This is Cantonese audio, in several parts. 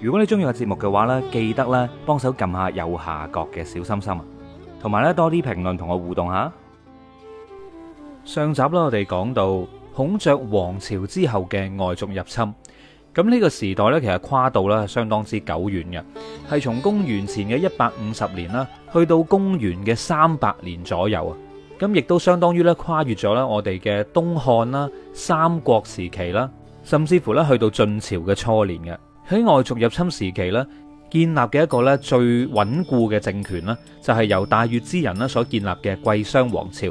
如果你中意嘅節目嘅話呢，記得咧幫手撳下右下角嘅小心心，同埋咧多啲評論同我互動下。上集啦，我哋講到孔雀王朝之後嘅外族入侵，咁呢個時代咧其實跨度咧相當之久遠嘅，係從公元前嘅一百五十年啦，去到公元嘅三百年左右啊。咁亦都相當於咧跨越咗咧我哋嘅東漢啦、三國時期啦，甚至乎咧去到晉朝嘅初年嘅。喺外族入侵時期咧，建立嘅一個咧最穩固嘅政權呢就係由大月氏人呢所建立嘅貴霜王朝。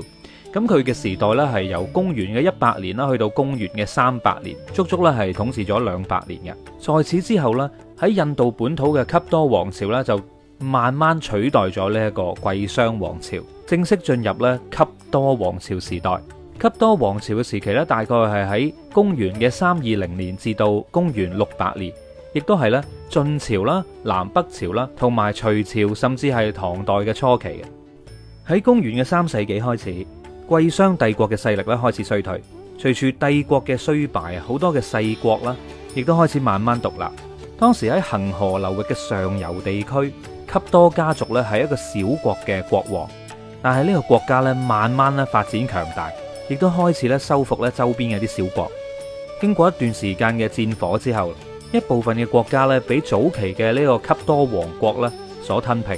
咁佢嘅時代咧係由公元嘅一百年啦，去到公元嘅三百年，足足咧係統治咗兩百年嘅。在此之後呢，喺印度本土嘅笈多王朝咧就慢慢取代咗呢一個貴霜王朝，正式進入咧笈多王朝時代。笈多王朝嘅時期咧，大概係喺公元嘅三二零年至到公元六百年。亦都係咧，晉朝啦、南北朝啦，同埋隋朝，甚至係唐代嘅初期嘅。喺公元嘅三世紀開始，貴霜帝國嘅勢力咧開始衰退，隨住帝國嘅衰敗，好多嘅細國啦，亦都開始慢慢獨立。當時喺恒河流域嘅上游地區，笈多家族咧係一個小國嘅國王，但係呢個國家咧慢慢咧發展強大，亦都開始咧收復咧周邊嘅啲小國。經過一段時間嘅戰火之後，一部分嘅國家咧，俾早期嘅呢個笈多王國咧所吞併，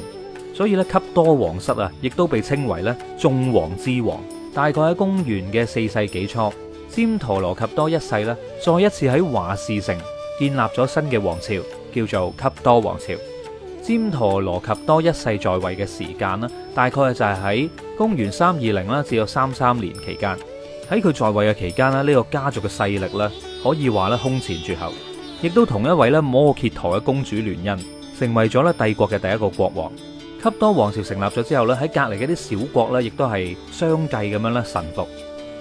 所以呢笈多王室啊，亦都被稱為咧眾王之王。大概喺公元嘅四世紀初，旃陀羅笈多一世咧再一次喺華氏城建立咗新嘅王朝，叫做笈多王朝。旃陀羅笈多一世在位嘅時間咧，大概就係喺公元三二零啦至到三三年期間。喺佢在位嘅期間啦，呢個家族嘅勢力咧，可以話咧空前絕後。亦都同一位咧摩揭陀嘅公主聯姻，成為咗咧帝國嘅第一個國王。笈多王朝成立咗之後咧，喺隔籬嗰啲小國咧，亦都係相繼咁樣咧臣服。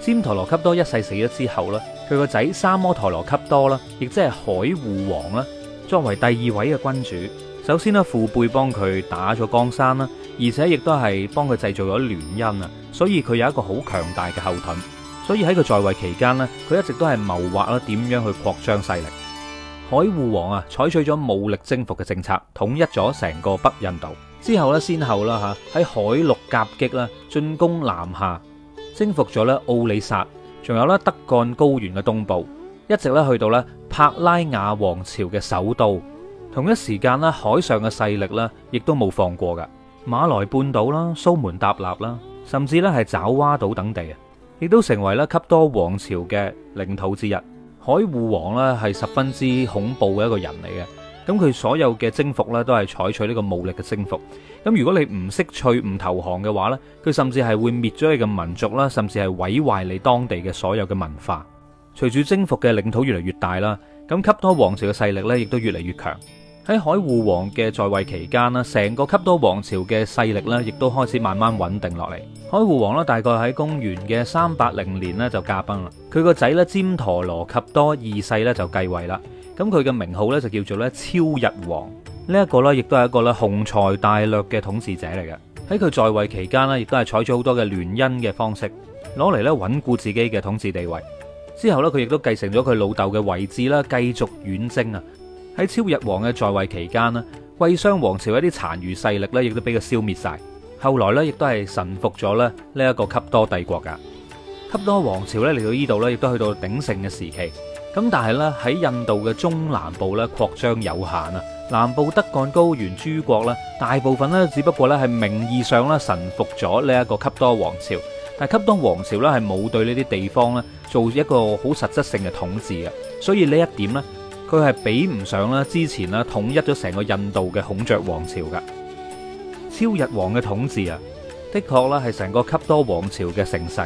旃陀羅笈多一世死咗之後咧，佢個仔三摩陀羅笈多啦，亦即係海護王啦，作為第二位嘅君主，首先咧父輩幫佢打咗江山啦，而且亦都係幫佢製造咗聯姻啊，所以佢有一個好強大嘅後盾。所以喺佢在位期間咧，佢一直都係謀劃啦，點樣去擴張勢力。海戶王啊，採取咗武力征服嘅政策，統一咗成個北印度之後咧，先後啦吓喺海陸夾擊啦，進攻南下，征服咗咧奧里薩，仲有咧德干高原嘅東部，一直咧去到咧柏拉雅王朝嘅首都。同一時間咧，海上嘅勢力咧，亦都冇放過噶，馬來半島啦、蘇門答臘啦，甚至咧係爪哇島等地啊，亦都成為咧笈多王朝嘅領土之一。海護王咧係十分之恐怖嘅一個人嚟嘅，咁佢所有嘅征服咧都係採取呢個武力嘅征服。咁如果你唔識趣唔投降嘅話呢，佢甚至係會滅咗你嘅民族啦，甚至係毀壞你當地嘅所有嘅文化。隨住征服嘅領土越嚟越大啦，咁笈多王朝嘅勢力呢，亦都越嚟越強。喺海護王嘅在位期間啦，成個笈多王朝嘅勢力咧，亦都開始慢慢穩定落嚟。海護王咧，大概喺公元嘅三八零年咧就駕崩啦。佢個仔咧，旃陀羅笈多二世咧就繼位啦。咁佢嘅名號咧就叫做咧超日王。呢、這個、一個咧，亦都係一個咧雄才大略嘅統治者嚟嘅。喺佢在位期間咧，亦都係採取好多嘅聯姻嘅方式，攞嚟咧穩固自己嘅統治地位。之後咧，佢亦都繼承咗佢老豆嘅位置啦，繼續遠征啊！喺超日王嘅在位期間啦，貴霜王朝一啲殘餘勢力咧，亦都俾佢消滅晒。後來咧，亦都係臣服咗咧呢一個笈多帝國噶。笈多王朝咧嚟到呢度咧，亦都去到鼎盛嘅時期。咁但係呢，喺印度嘅中南部咧擴張有限啊。南部德干高原諸國咧，大部分咧，只不過咧係名義上咧臣服咗呢一個笈多王朝，但係笈多王朝咧係冇對呢啲地方咧做一個好實質性嘅統治嘅。所以呢一點咧。佢係比唔上咧之前咧統一咗成個印度嘅孔雀王朝嘅，超日王嘅統治啊，的確咧係成個笈多王朝嘅盛世。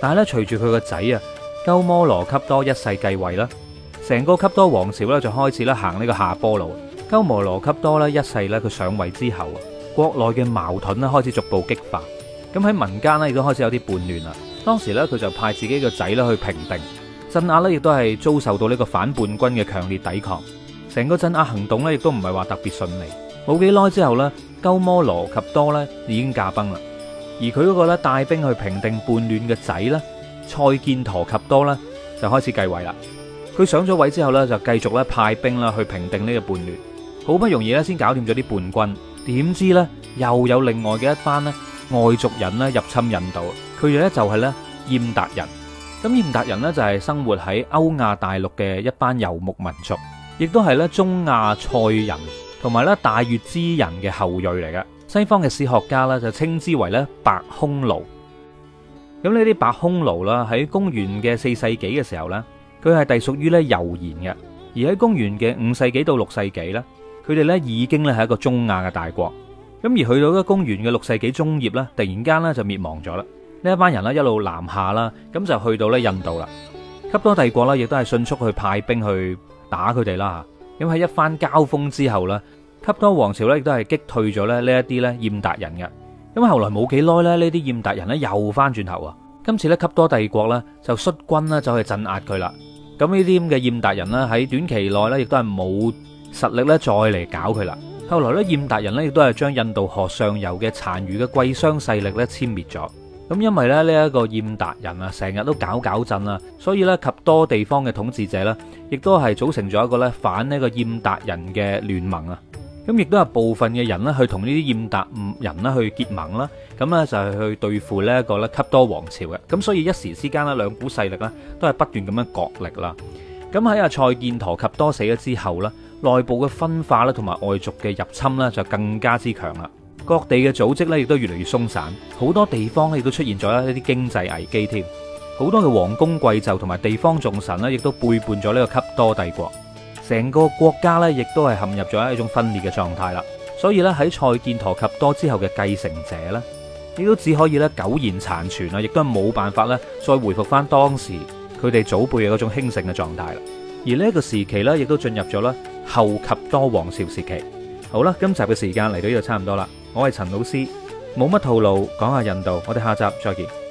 但係咧隨住佢個仔啊，鳩摩羅笈多一世繼位啦，成個笈多王朝咧就開始咧行呢個下坡路。鳩摩羅笈多咧一世咧佢上位之後啊，國內嘅矛盾咧開始逐步激化，咁喺民間呢，亦都開始有啲叛亂啦。當時呢，佢就派自己個仔咧去平定。鎮壓咧，亦都係遭受到呢個反叛軍嘅強烈抵抗，成個鎮壓行動咧，亦都唔係話特別順利。冇幾耐之後呢，鳩摩羅笈多呢已經駕崩啦，而佢嗰個咧帶兵去平定叛亂嘅仔呢，塞建陀笈多呢，就開始繼位啦。佢上咗位之後呢，就繼續咧派兵啦去平定呢個叛亂，好不容易呢，先搞掂咗啲叛軍，點知呢，又有另外嘅一班呢外族人呢入侵印度，佢哋呢，就係呢嚈噠人。咁嚈噠人呢就係生活喺歐亞大陸嘅一班游牧民族，亦都係咧中亞塞人同埋咧大月氏人嘅後裔嚟嘅。西方嘅史學家咧就稱之為咧白匈奴。咁呢啲白匈奴啦喺公元嘅四世紀嘅時候呢，佢係隸屬於咧柔然嘅，而喺公元嘅五世紀到六世紀呢，佢哋呢已經咧係一個中亞嘅大國。咁而去到咧公元嘅六世紀中葉呢，突然間呢就滅亡咗啦。呢一班人咧，一路南下啦，咁就去到咧印度啦。笈多帝國呢，亦都係迅速去派兵去打佢哋啦。咁喺一番交鋒之後呢，笈多王朝呢，亦都係擊退咗咧呢一啲咧艷達人嘅。咁後來冇幾耐咧，呢啲艷達人咧又翻轉頭啊。今次咧，笈多帝國呢，就率軍呢，就去鎮壓佢啦。咁呢啲咁嘅艷達人呢，喺短期內呢，亦都係冇實力咧再嚟搞佢啦。後來呢，艷達人呢，亦都係將印度河上游嘅殘餘嘅貴霜勢力咧殲滅咗。咁因為咧呢一個厭達人啊，成日都搞搞震啊，所以咧笈多地方嘅統治者呢，亦都係組成咗一個咧反呢個厭達人嘅聯盟啊。咁亦都有部分嘅人咧去同呢啲厭達人啦去結盟啦，咁呢就係去對付呢一個咧笈多王朝嘅。咁所以一時之間呢，兩股勢力呢都係不斷咁樣角力啦。咁喺阿塞建陀笈多死咗之後呢，內部嘅分化咧同埋外族嘅入侵呢，就更加之強啦。各地嘅組織咧，亦都越嚟越鬆散，好多地方咧亦都出現咗一啲經濟危機添，好多嘅王公貴胄同埋地方眾臣呢，亦都背叛咗呢個笈多帝國，成個國家呢，亦都係陷入咗一種分裂嘅狀態啦。所以咧喺塞建陀笈多之後嘅繼承者呢，亦都只可以咧苟延殘存啊，亦都係冇辦法咧再回復翻當時佢哋祖輩嘅嗰種興盛嘅狀態啦。而呢一個時期咧，亦都進入咗咧後笈多王朝時期。好啦，今集嘅時間嚟到呢度差唔多啦。我係陳老師，冇乜套路，講下印度，我哋下集再見。